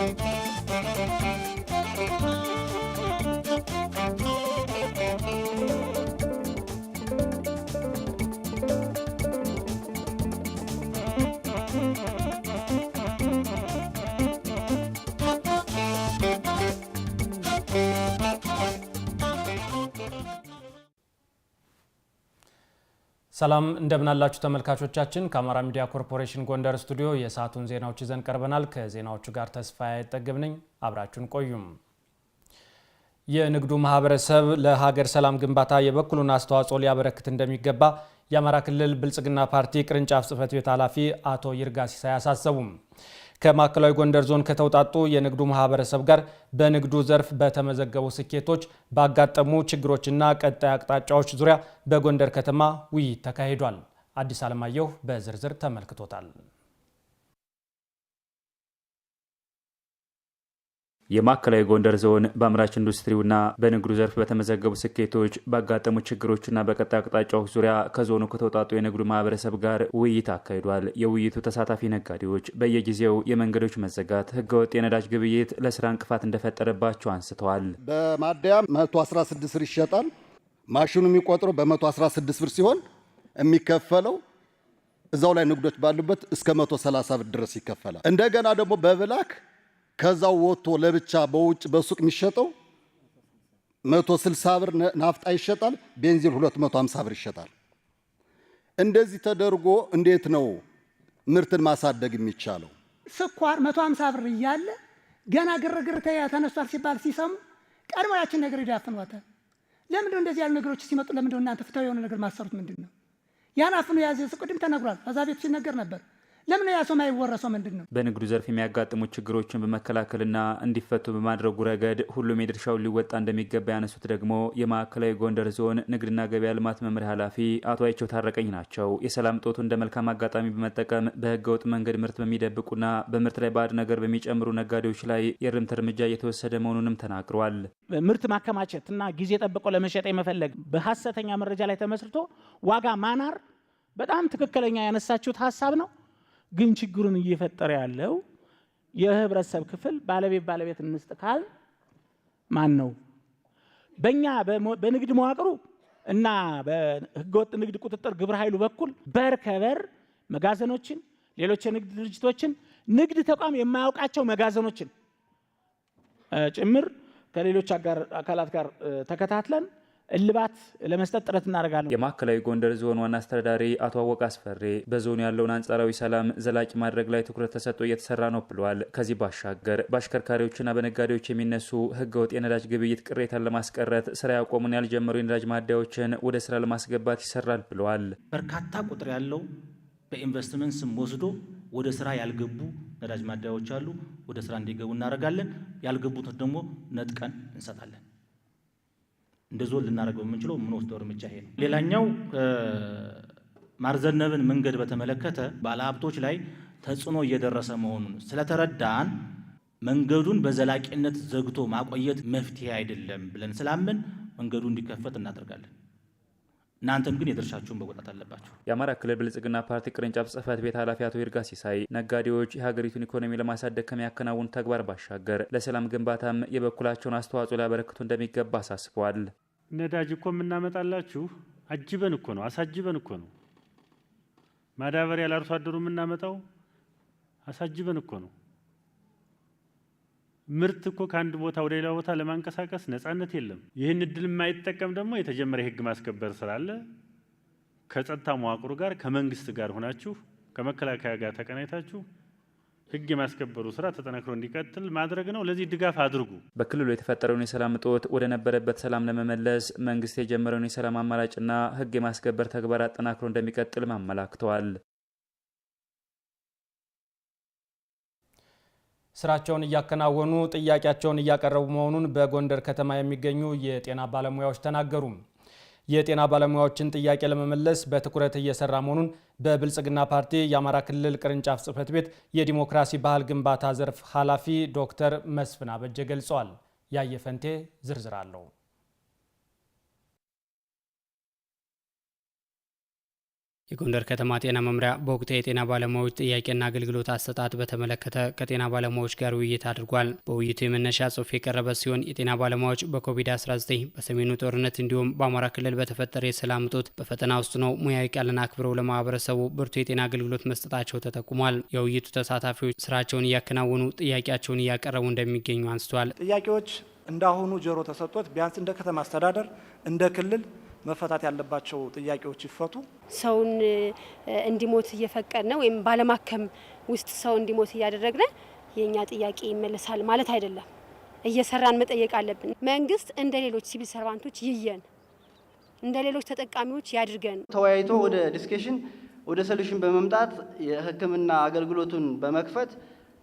Bye. ሰላም እንደምናላችሁ ተመልካቾቻችን፣ ከአማራ ሚዲያ ኮርፖሬሽን ጎንደር ስቱዲዮ የሰዓቱን ዜናዎች ይዘን ቀርበናል። ከዜናዎቹ ጋር ተስፋ አይጠግብ ነኝ። አብራችሁን ቆዩም። የንግዱ ማህበረሰብ ለሀገር ሰላም ግንባታ የበኩሉን አስተዋጽኦ ሊያበረክት እንደሚገባ የአማራ ክልል ብልጽግና ፓርቲ ቅርንጫፍ ጽህፈት ቤት ኃላፊ አቶ ይርጋ ሲሳይ አሳሰቡም። ከማዕከላዊ ጎንደር ዞን ከተውጣጡ የንግዱ ማህበረሰብ ጋር በንግዱ ዘርፍ በተመዘገቡ ስኬቶች፣ ባጋጠሙ ችግሮችና ቀጣይ አቅጣጫዎች ዙሪያ በጎንደር ከተማ ውይይት ተካሂዷል። አዲስ አለማየሁ በዝርዝር ተመልክቶታል። የማዕከላዊ ጎንደር ዞን በአምራች ኢንዱስትሪውና በንግዱ ዘርፍ በተመዘገቡ ስኬቶች፣ ባጋጠሙ ችግሮችና በቀጣይ አቅጣጫዎች ዙሪያ ከዞኑ ከተውጣጡ የንግዱ ማህበረሰብ ጋር ውይይት አካሂዷል። የውይይቱ ተሳታፊ ነጋዴዎች በየጊዜው የመንገዶች መዘጋት፣ ህገወጥ የነዳጅ ግብይት ለስራ እንቅፋት እንደፈጠረባቸው አንስተዋል። በማደያ 116 ብር ይሸጣል። ማሽኑ የሚቆጥረው በ116 ብር ሲሆን የሚከፈለው እዛው ላይ ንግዶች ባሉበት እስከ 130 ብር ድረስ ይከፈላል። እንደገና ደግሞ በብላክ ከዛው ወጥቶ ለብቻ በውጭ በሱቅ የሚሸጠው 160 ብር ናፍጣ ይሸጣል፣ ቤንዚን 250 ብር ይሸጣል። እንደዚህ ተደርጎ እንዴት ነው ምርትን ማሳደግ የሚቻለው? ስኳር 150 ብር እያለ ገና ግርግር ተነስቷል ሲባል ሲሰሙ ቀድሞ ያችን ነገር ይዳፍኗታል። ለምንድነው እንደዚህ ያሉ ነገሮች ሲመጡ ለምንድ እናንተ ፍትሃዊ የሆነ ነገር ማሰሩት ምንድን ነው? ያን አፍኖ የያዘ ቅድም ተነግሯል። ከዛ ቤቱ ሲነገር ነበር ለምን ያ ሰው የማይወረሰው ምንድን ነው? በንግዱ ዘርፍ የሚያጋጥሙ ችግሮችን በመከላከልና እንዲፈቱ በማድረጉ ረገድ ሁሉም የድርሻውን ሊወጣ እንደሚገባ ያነሱት ደግሞ የማዕከላዊ ጎንደር ዞን ንግድና ገበያ ልማት መምሪያ ኃላፊ አቶ አይቸው ታረቀኝ ናቸው። የሰላም ጦቱ እንደ መልካም አጋጣሚ በመጠቀም በህገወጥ መንገድ ምርት በሚደብቁና በምርት ላይ ባዕድ ነገር በሚጨምሩ ነጋዴዎች ላይ የእርምት እርምጃ እየተወሰደ መሆኑንም ተናግሯል። ምርት ማከማቸት እና ጊዜ ጠብቆ ለመሸጥ የመፈለግ በሀሰተኛ መረጃ ላይ ተመስርቶ ዋጋ ማናር በጣም ትክክለኛ ያነሳችሁት ሀሳብ ነው። ግን ችግሩን እየፈጠረ ያለው የህብረተሰብ ክፍል ባለቤት ባለቤት እንስጥ ካል ማን ነው? በእኛ በንግድ መዋቅሩ እና በህገወጥ ንግድ ቁጥጥር ግብረ ኃይሉ በኩል በር ከበር መጋዘኖችን፣ ሌሎች የንግድ ድርጅቶችን፣ ንግድ ተቋም የማያውቃቸው መጋዘኖችን ጭምር ከሌሎች አጋር አካላት ጋር ተከታትለን እልባት ለመስጠት ጥረት እናደርጋለን። የማዕከላዊ ጎንደር ዞን ዋና አስተዳዳሪ አቶ አወቅ አስፈሬ በዞኑ ያለውን አንጻራዊ ሰላም ዘላቂ ማድረግ ላይ ትኩረት ተሰጥቶ እየተሰራ ነው ብለዋል። ከዚህ ባሻገር በአሽከርካሪዎችና በነጋዴዎች የሚነሱ ህገወጥ የነዳጅ ግብይት ቅሬታን ለማስቀረት ስራ ያቆሙን ያልጀመሩ የነዳጅ ማደያዎችን ወደ ስራ ለማስገባት ይሰራል ብለዋል። በርካታ ቁጥር ያለው በኢንቨስትመንት ስም ወስዶ ወደ ስራ ያልገቡ ነዳጅ ማደያዎች አሉ። ወደ ስራ እንዲገቡ እናደርጋለን። ያልገቡት ደግሞ ነጥቀን እንሰጣለን። እንደ ዞን ልናደርገው የምንችለው የምንወስደው እርምጃ ይሄ ነው። ሌላኛው ማርዘነብን መንገድ በተመለከተ ባለሀብቶች ላይ ተጽዕኖ እየደረሰ መሆኑን ስለተረዳን መንገዱን በዘላቂነት ዘግቶ ማቆየት መፍትሄ አይደለም ብለን ስላምን መንገዱ እንዲከፈት እናደርጋለን። እናንተም ግን የድርሻችሁን መወጣት አለባችሁ። የአማራ ክልል ብልጽግና ፓርቲ ቅርንጫፍ ጽህፈት ቤት ኃላፊ አቶ ይርጋ ሲሳይ ነጋዴዎች የሀገሪቱን ኢኮኖሚ ለማሳደግ ከሚያከናውኑ ተግባር ባሻገር ለሰላም ግንባታም የበኩላቸውን አስተዋጽኦ ሊያበረክቱ እንደሚገባ አሳስበዋል። ነዳጅ እኮ የምናመጣላችሁ አጅበን እኮ ነው፣ አሳጅበን እኮ ነው። ማዳበሪያ ለአርሶ አደሩ የምናመጣው አሳጅበን እኮ ነው። ምርት እኮ ከአንድ ቦታ ወደ ሌላ ቦታ ለማንቀሳቀስ ነፃነት የለም። ይህን እድል የማይጠቀም ደግሞ የተጀመረ የህግ ማስከበር አለ። ከጸጥታ መዋቅሩ ጋር ከመንግስት ጋር ሆናችሁ ከመከላከያ ጋር ተቀናይታችሁ ህግ የማስከበሩ ስራ ተጠናክሮ እንዲቀጥል ማድረግ ነው። ለዚህ ድጋፍ አድርጉ። በክልሉ የተፈጠረውን የሰላም እጦት ወደ ነበረበት ሰላም ለመመለስ መንግስት የጀመረውን የሰላም አማራጭና ህግ የማስከበር ተግባር አጠናክሮ እንደሚቀጥል ማመላክተዋል። ስራቸውን እያከናወኑ ጥያቄያቸውን እያቀረቡ መሆኑን በጎንደር ከተማ የሚገኙ የጤና ባለሙያዎች ተናገሩ። የጤና ባለሙያዎችን ጥያቄ ለመመለስ በትኩረት እየሰራ መሆኑን በብልጽግና ፓርቲ የአማራ ክልል ቅርንጫፍ ጽህፈት ቤት የዲሞክራሲ ባህል ግንባታ ዘርፍ ኃላፊ ዶክተር መስፍን አበጀ ገልጸዋል። ያየፈንቴ ዝርዝር አለው። የጎንደር ከተማ ጤና መምሪያ በወቅቱ የጤና ባለሙያዎች ጥያቄና አገልግሎት አሰጣጥ በተመለከተ ከጤና ባለሙያዎች ጋር ውይይት አድርጓል። በውይይቱ የመነሻ ጽሑፍ የቀረበ ሲሆን የጤና ባለሙያዎች በኮቪድ-19 በሰሜኑ ጦርነት እንዲሁም በአማራ ክልል በተፈጠረ የሰላም እጦት በፈተና ውስጥ ነው ሙያዊ ቃልን አክብረው ለማህበረሰቡ ብርቱ የጤና አገልግሎት መስጠታቸው ተጠቁሟል። የውይይቱ ተሳታፊዎች ስራቸውን እያከናወኑ ጥያቄያቸውን እያቀረቡ እንደሚገኙ አንስቷል። ጥያቄዎች እንዳሁኑ ጆሮ ተሰጥቶት ቢያንስ እንደ ከተማ አስተዳደር እንደ ክልል መፈታት ያለባቸው ጥያቄዎች ይፈቱ። ሰውን እንዲሞት እየፈቀድን ወይም ባለማከም ውስጥ ሰው እንዲሞት እያደረግን የእኛ ጥያቄ ይመለሳል ማለት አይደለም። እየሰራን መጠየቅ አለብን። መንግስት እንደ ሌሎች ሲቪል ሰርቫንቶች ይየን፣ እንደ ሌሎች ተጠቃሚዎች ያድርገን። ተወያይቶ ወደ ዲስኬሽን ወደ ሰሉሽን በመምጣት የህክምና አገልግሎቱን በመክፈት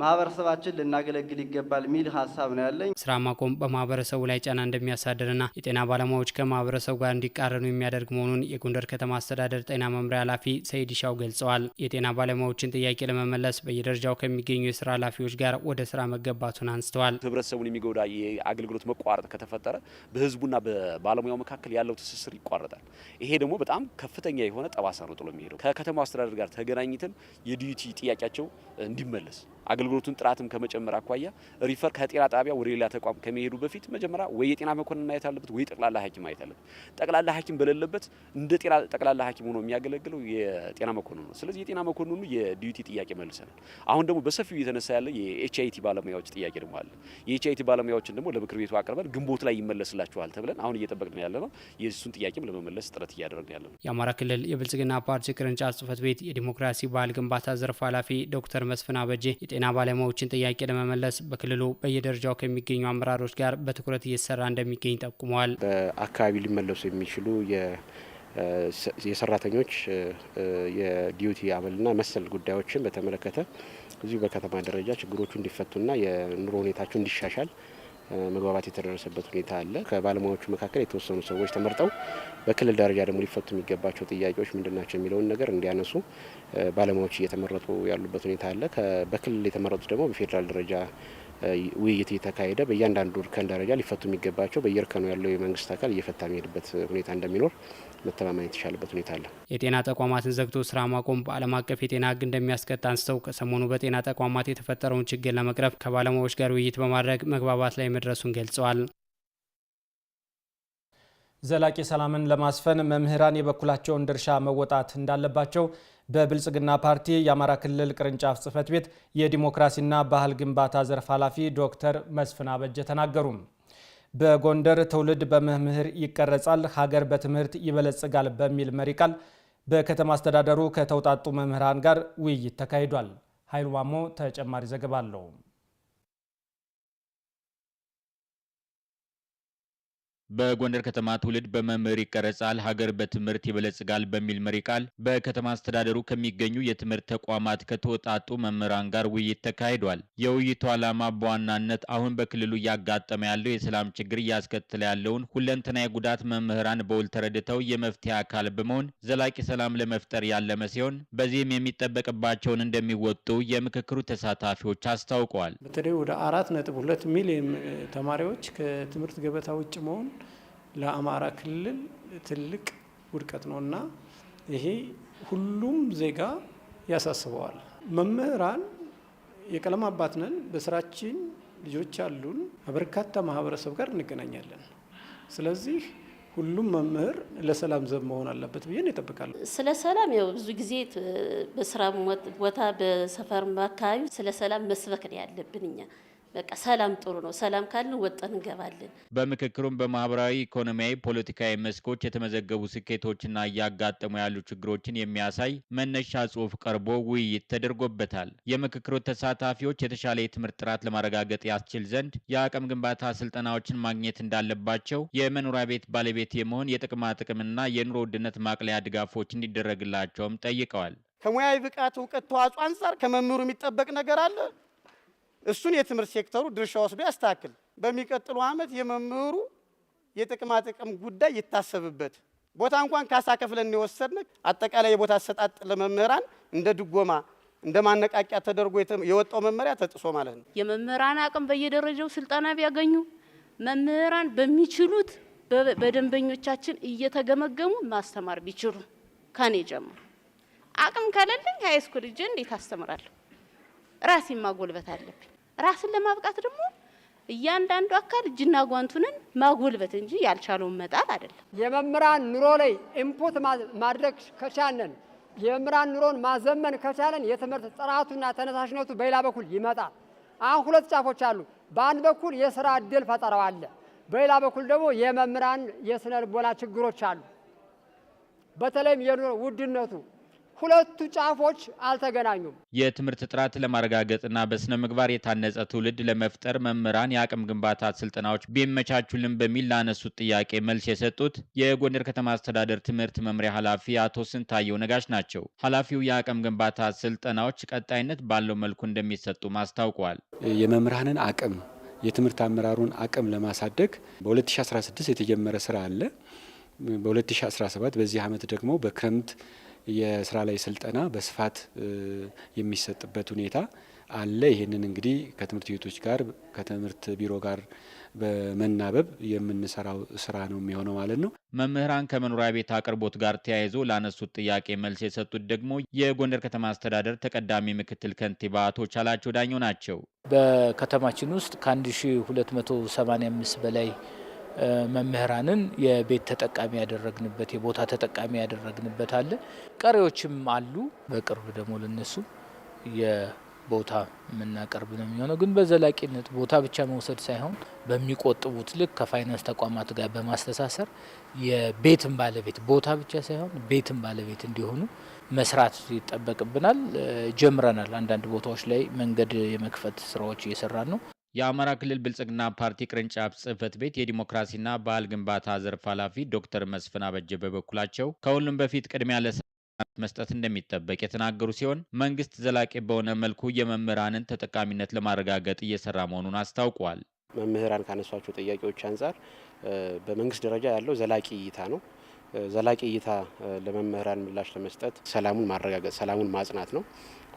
ማህበረሰባችን ልናገለግል ይገባል የሚል ሀሳብ ነው ያለኝ። ስራ ማቆም በማህበረሰቡ ላይ ጫና እንደሚያሳድርና የጤና ባለሙያዎች ከማህበረሰቡ ጋር እንዲቃረኑ የሚያደርግ መሆኑን የጎንደር ከተማ አስተዳደር ጤና መምሪያ ኃላፊ ሰይድ ሻው ገልጸዋል። የጤና ባለሙያዎችን ጥያቄ ለመመለስ በየደረጃው ከሚገኙ የስራ ኃላፊዎች ጋር ወደ ስራ መገባቱን አንስተዋል። ህብረተሰቡን የሚጎዳ የአገልግሎት መቋረጥ ከተፈጠረ በህዝቡና በባለሙያው መካከል ያለው ትስስር ይቋረጣል። ይሄ ደግሞ በጣም ከፍተኛ የሆነ ጠባሳ ነው ጥሎ የሚሄደው። ከከተማው አስተዳደር ጋር ተገናኝተን የዲዩቲ ጥያቄያቸው እንዲመለስ የአገልግሎቱን ጥራትም ከመጨመር አኳያ ሪፈር ከጤና ጣቢያ ወደ ሌላ ተቋም ከመሄዱ በፊት መጀመሪያ ወይ የጤና መኮንን ማየት አለበት፣ ወይ ጠቅላላ ሐኪም ማየት አለበት። ጠቅላላ ሐኪም በሌለበት እንደ ጤና ጠቅላላ ሐኪም ሆኖ የሚያገለግለው የጤና መኮንኑ ነው። ስለዚህ የጤና መኮንኑ የዲዩቲ ጥያቄ መልሰናል። አሁን ደግሞ በሰፊው እየተነሳ ያለ የኤችአይቲ ባለሙያዎች ጥያቄ ደግሞ አለ። የኤችአይቲ ባለሙያዎችን ደግሞ ለምክር ቤቱ አቅርበን ግንቦት ላይ ይመለስላችኋል ተብለን አሁን እየጠበቅን ያለ ነው። የእሱን ጥያቄም ለመመለስ ጥረት እያደረግን ያለ ነው። የአማራ ክልል የብልጽግና ፓርቲ ቅርንጫፍ ጽህፈት ቤት የዲሞክራሲ ባህል ግንባታ ዘርፍ ኃላፊ ዶክተር መስፍን አበጄ የጤና ባለሙያዎችን ጥያቄ ለመመለስ በክልሉ በየደረጃው ከሚገኙ አመራሮች ጋር በትኩረት እየተሰራ እንደሚገኝ ጠቁመዋል። በአካባቢ ሊመለሱ የሚችሉ የሰራተኞች የዲዩቲ አበልና መሰል ጉዳዮችን በተመለከተ እዚሁ በከተማ ደረጃ ችግሮቹ እንዲፈቱና የኑሮ ሁኔታቸው እንዲሻሻል መግባባት የተደረሰበት ሁኔታ አለ። ከባለሙያዎቹ መካከል የተወሰኑ ሰዎች ተመርጠው በክልል ደረጃ ደግሞ ሊፈቱ የሚገባቸው ጥያቄዎች ምንድናቸው የሚለውን ነገር እንዲያነሱ ባለሙያዎች እየተመረጡ ያሉበት ሁኔታ አለ። በክልል የተመረጡት ደግሞ በፌዴራል ደረጃ ውይይት እየተካሄደ በእያንዳንዱ እርከን ደረጃ ሊፈቱ የሚገባቸው በየእርከኑ ያለው የመንግስት አካል እየፈታ የሚሄድበት ሁኔታ እንደሚኖር መተማመን የተሻለበት ሁኔታ አለ። የጤና ተቋማትን ዘግቶ ስራ ማቆም በዓለም አቀፍ የጤና ሕግ እንደሚያስቀጣ አንስተው ከሰሞኑ በጤና ተቋማት የተፈጠረውን ችግር ለመቅረፍ ከባለሙያዎች ጋር ውይይት በማድረግ መግባባት ላይ መድረሱን ገልጸዋል። ዘላቂ ሰላምን ለማስፈን መምህራን የበኩላቸውን ድርሻ መወጣት እንዳለባቸው በብልጽግና ፓርቲ የአማራ ክልል ቅርንጫፍ ጽህፈት ቤት የዲሞክራሲና ባህል ግንባታ ዘርፍ ኃላፊ ዶክተር መስፍን አበጀ ተናገሩ። በጎንደር ትውልድ በመምህር ይቀረጻል፣ ሀገር በትምህርት ይበለጽጋል በሚል መሪ ቃል በከተማ አስተዳደሩ ከተውጣጡ መምህራን ጋር ውይይት ተካሂዷል። ኃይሉ ማሞ ተጨማሪ ዘገባ አለው። በጎንደር ከተማ ትውልድ በመምህር ይቀረጻል፣ ሀገር በትምህርት ይበለጽጋል በሚል መሪ ቃል በከተማ አስተዳደሩ ከሚገኙ የትምህርት ተቋማት ከተወጣጡ መምህራን ጋር ውይይት ተካሂዷል። የውይይቱ ዓላማ በዋናነት አሁን በክልሉ እያጋጠመ ያለው የሰላም ችግር እያስከተለ ያለውን ሁለንተናዊ ጉዳት መምህራን በውል ተረድተው የመፍትሄ አካል በመሆን ዘላቂ ሰላም ለመፍጠር ያለመ ሲሆን በዚህም የሚጠበቅባቸውን እንደሚወጡ የምክክሩ ተሳታፊዎች አስታውቀዋል። በተለይ ወደ አራት ነጥብ ሁለት ሚሊዮን ተማሪዎች ከትምህርት ገበታ ውጭ መሆን ለአማራ ክልል ትልቅ ውድቀት ነው እና ይሄ ሁሉም ዜጋ ያሳስበዋል። መምህራን የቀለም አባት ነን፣ በስራችን ልጆች አሉን፣ በርካታ ማህበረሰብ ጋር እንገናኛለን። ስለዚህ ሁሉም መምህር ለሰላም ዘብ መሆን አለበት ብዬ ይጠብቃሉ። ስለ ሰላም ያው ብዙ ጊዜ በስራ ቦታ በሰፈር አካባቢ ስለ ሰላም መስበክ ነው ያለብን እኛ በቃ ሰላም ጥሩ ነው። ሰላም ካልን ወጠን እንገባለን። በምክክሩም በማህበራዊ ኢኮኖሚያዊ፣ ፖለቲካዊ መስኮች የተመዘገቡ ስኬቶችና እያጋጠሙ ያሉ ችግሮችን የሚያሳይ መነሻ ጽሑፍ ቀርቦ ውይይት ተደርጎበታል። የምክክሩ ተሳታፊዎች የተሻለ የትምህርት ጥራት ለማረጋገጥ ያስችል ዘንድ የአቅም ግንባታ ስልጠናዎችን ማግኘት እንዳለባቸው፣ የመኖሪያ ቤት ባለቤት የመሆን የጥቅማ ጥቅምና የኑሮ ውድነት ማቅለያ ድጋፎች እንዲደረግላቸውም ጠይቀዋል። ከሙያዊ ብቃት እውቀት ተዋጽኦ አንጻር ከመምህሩ የሚጠበቅ ነገር አለ እሱን የትምህርት ሴክተሩ ድርሻ ወስዶ ያስተካክል። በሚቀጥሉ ዓመት የመምህሩ የጥቅማጥቅም ጉዳይ ይታሰብበት። ቦታ እንኳን ካሳ ከፍለን የወሰድን አጠቃላይ የቦታ አሰጣጥ ለመምህራን እንደ ድጎማ እንደ ማነቃቂያ ተደርጎ የወጣው መመሪያ ተጥሶ ማለት ነው። የመምህራን አቅም በየደረጃው ስልጠና ቢያገኙ መምህራን በሚችሉት በደንበኞቻችን እየተገመገሙ ማስተማር ቢችሉ ከኔ ጀምሮ አቅም ከሌለኝ ሃይስኩል እጄ እንዴት አስተምራለሁ? ራሴን ማጎልበት አለብኝ። ራስን ለማብቃት ደግሞ እያንዳንዱ አካል እጅና ጓንቱንን ማጎልበት እንጂ ያልቻለውን መጣል አይደለም። የመምህራን ኑሮ ላይ ኢንፑት ማድረግ ከቻለን፣ የመምህራን ኑሮን ማዘመን ከቻለን የትምህርት ጥራቱና ተነሳሽነቱ በሌላ በኩል ይመጣል። አሁን ሁለት ጫፎች አሉ። በአንድ በኩል የስራ እድል ፈጠረው አለ፣ በሌላ በኩል ደግሞ የመምህራን የስነ ልቦና ችግሮች አሉ። በተለይም የኑሮ ውድነቱ ሁለቱ ጫፎች አልተገናኙም። የትምህርት ጥራት ለማረጋገጥና በስነ ምግባር የታነጸ ትውልድ ለመፍጠር መምህራን የአቅም ግንባታ ስልጠናዎች ቢመቻቹልን በሚል ላነሱት ጥያቄ መልስ የሰጡት የጎንደር ከተማ አስተዳደር ትምህርት መምሪያ ኃላፊ አቶ ስንታየው ነጋሽ ናቸው። ኃላፊው የአቅም ግንባታ ስልጠናዎች ቀጣይነት ባለው መልኩ እንደሚሰጡ አስታውቀዋል። የመምህራንን አቅም የትምህርት አመራሩን አቅም ለማሳደግ በ2016 የተጀመረ ስራ አለ። በ2017 በዚህ ዓመት ደግሞ በክረምት የስራ ላይ ስልጠና በስፋት የሚሰጥበት ሁኔታ አለ። ይህንን እንግዲህ ከትምህርት ቤቶች ጋር ከትምህርት ቢሮ ጋር በመናበብ የምንሰራው ስራ ነው የሚሆነው ማለት ነው። መምህራን ከመኖሪያ ቤት አቅርቦት ጋር ተያይዞ ላነሱት ጥያቄ መልስ የሰጡት ደግሞ የጎንደር ከተማ አስተዳደር ተቀዳሚ ምክትል ከንቲባ አቶ ቻላቸው ዳኘው ናቸው። በከተማችን ውስጥ ከ1285 በላይ መምህራንን የቤት ተጠቃሚ ያደረግንበት የቦታ ተጠቃሚ ያደረግንበት አለ። ቀሪዎችም አሉ። በቅርብ ደግሞ ለነሱ የቦታ የምናቀርብ ነው የሚሆነው። ግን በዘላቂነት ቦታ ብቻ መውሰድ ሳይሆን በሚቆጥቡት ልክ ከፋይናንስ ተቋማት ጋር በማስተሳሰር የቤትን ባለቤት ቦታ ብቻ ሳይሆን ቤትን ባለቤት እንዲሆኑ መስራት ይጠበቅብናል። ጀምረናል። አንዳንድ ቦታዎች ላይ መንገድ የመክፈት ስራዎች እየሰራን ነው። የአማራ ክልል ብልጽግና ፓርቲ ቅርንጫፍ ጽህፈት ቤት የዲሞክራሲና ባህል ግንባታ ዘርፍ ኃላፊ ዶክተር መስፍን አበጀ በበኩላቸው ከሁሉም በፊት ቅድሚያ ለሰላም መስጠት እንደሚጠበቅ የተናገሩ ሲሆን መንግስት ዘላቂ በሆነ መልኩ የመምህራንን ተጠቃሚነት ለማረጋገጥ እየሰራ መሆኑን አስታውቋል። መምህራን ካነሷቸው ጥያቄዎች አንጻር በመንግስት ደረጃ ያለው ዘላቂ እይታ ነው። ዘላቂ እይታ ለመምህራን ምላሽ ለመስጠት ሰላሙን ማረጋገጥ፣ ሰላሙን ማጽናት ነው።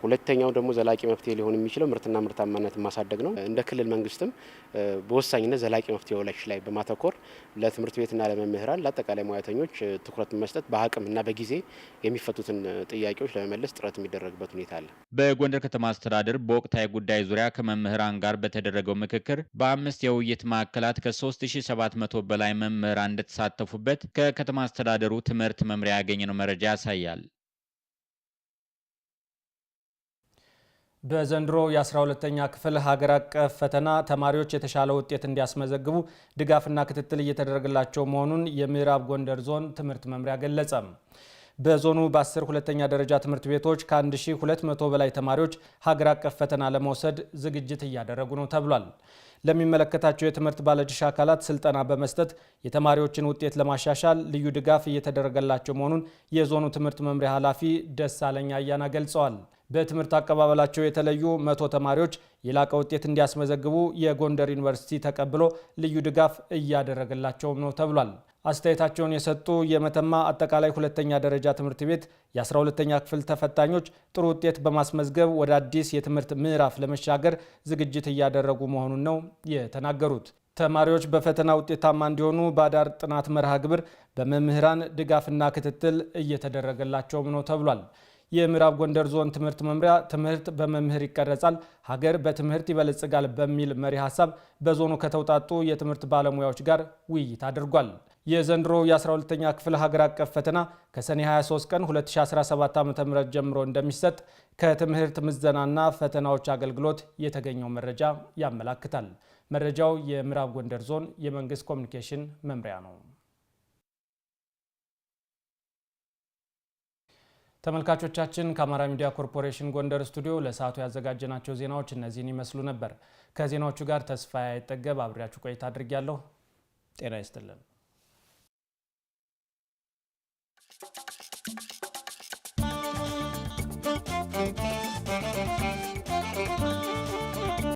ሁለተኛው ደግሞ ዘላቂ መፍትሄ ሊሆን የሚችለው ምርትና ምርታማነትን ማሳደግ ነው። እንደ ክልል መንግስትም በወሳኝነት ዘላቂ መፍትሄዎች ላይ በማተኮር ለትምህርት ቤትና ለመምህራን ለአጠቃላይ ሙያተኞች ትኩረት መስጠት በአቅምና በጊዜ የሚፈቱትን ጥያቄዎች ለመመለስ ጥረት የሚደረግበት ሁኔታ አለ። በጎንደር ከተማ አስተዳደር በወቅታዊ ጉዳይ ዙሪያ ከመምህራን ጋር በተደረገው ምክክር በአምስት የውይይት ማዕከላት ከ3700 በላይ መምህራን እንደተሳተፉበት ከከተማ አስተዳደሩ ትምህርት መምሪያ ያገኘነው መረጃ ያሳያል። በዘንድሮ የ12ተኛ ክፍል ሀገር አቀፍ ፈተና ተማሪዎች የተሻለ ውጤት እንዲያስመዘግቡ ድጋፍና ክትትል እየተደረገላቸው መሆኑን የምዕራብ ጎንደር ዞን ትምህርት መምሪያ ገለጸ። በዞኑ በ10 ሁለተኛ ደረጃ ትምህርት ቤቶች ከ1200 በላይ ተማሪዎች ሀገር አቀፍ ፈተና ለመውሰድ ዝግጅት እያደረጉ ነው ተብሏል። ለሚመለከታቸው የትምህርት ባለድርሻ አካላት ስልጠና በመስጠት የተማሪዎችን ውጤት ለማሻሻል ልዩ ድጋፍ እየተደረገላቸው መሆኑን የዞኑ ትምህርት መምሪያ ኃላፊ ደሳለኛ አያና ገልጸዋል። በትምህርት አቀባበላቸው የተለዩ መቶ ተማሪዎች የላቀ ውጤት እንዲያስመዘግቡ የጎንደር ዩኒቨርሲቲ ተቀብሎ ልዩ ድጋፍ እያደረገላቸውም ነው ተብሏል። አስተያየታቸውን የሰጡ የመተማ አጠቃላይ ሁለተኛ ደረጃ ትምህርት ቤት የ12ተኛ ክፍል ተፈታኞች ጥሩ ውጤት በማስመዝገብ ወደ አዲስ የትምህርት ምዕራፍ ለመሻገር ዝግጅት እያደረጉ መሆኑን ነው የተናገሩት። ተማሪዎች በፈተና ውጤታማ እንዲሆኑ በአዳር ጥናት መርሃ ግብር በመምህራን ድጋፍና ክትትል እየተደረገላቸውም ነው ተብሏል። የምዕራብ ጎንደር ዞን ትምህርት መምሪያ ትምህርት በመምህር ይቀረጻል፣ ሀገር በትምህርት ይበለጽጋል በሚል መሪ ሀሳብ በዞኑ ከተውጣጡ የትምህርት ባለሙያዎች ጋር ውይይት አድርጓል። የዘንድሮ የ12ኛ ክፍል ሀገር አቀፍ ፈተና ከሰኔ 23 ቀን 2017 ዓ.ም ጀምሮ እንደሚሰጥ ከትምህርት ምዘናና ፈተናዎች አገልግሎት የተገኘው መረጃ ያመላክታል። መረጃው የምዕራብ ጎንደር ዞን የመንግስት ኮሚኒኬሽን መምሪያ ነው። ተመልካቾቻችን ከአማራ ሚዲያ ኮርፖሬሽን ጎንደር ስቱዲዮ ለሰዓቱ ያዘጋጀናቸው ዜናዎች እነዚህን ይመስሉ ነበር። ከዜናዎቹ ጋር ተስፋ አይጠገብ አብሬያችሁ ቆይታ አድርጌያለሁ። ጤና ይስጥልን።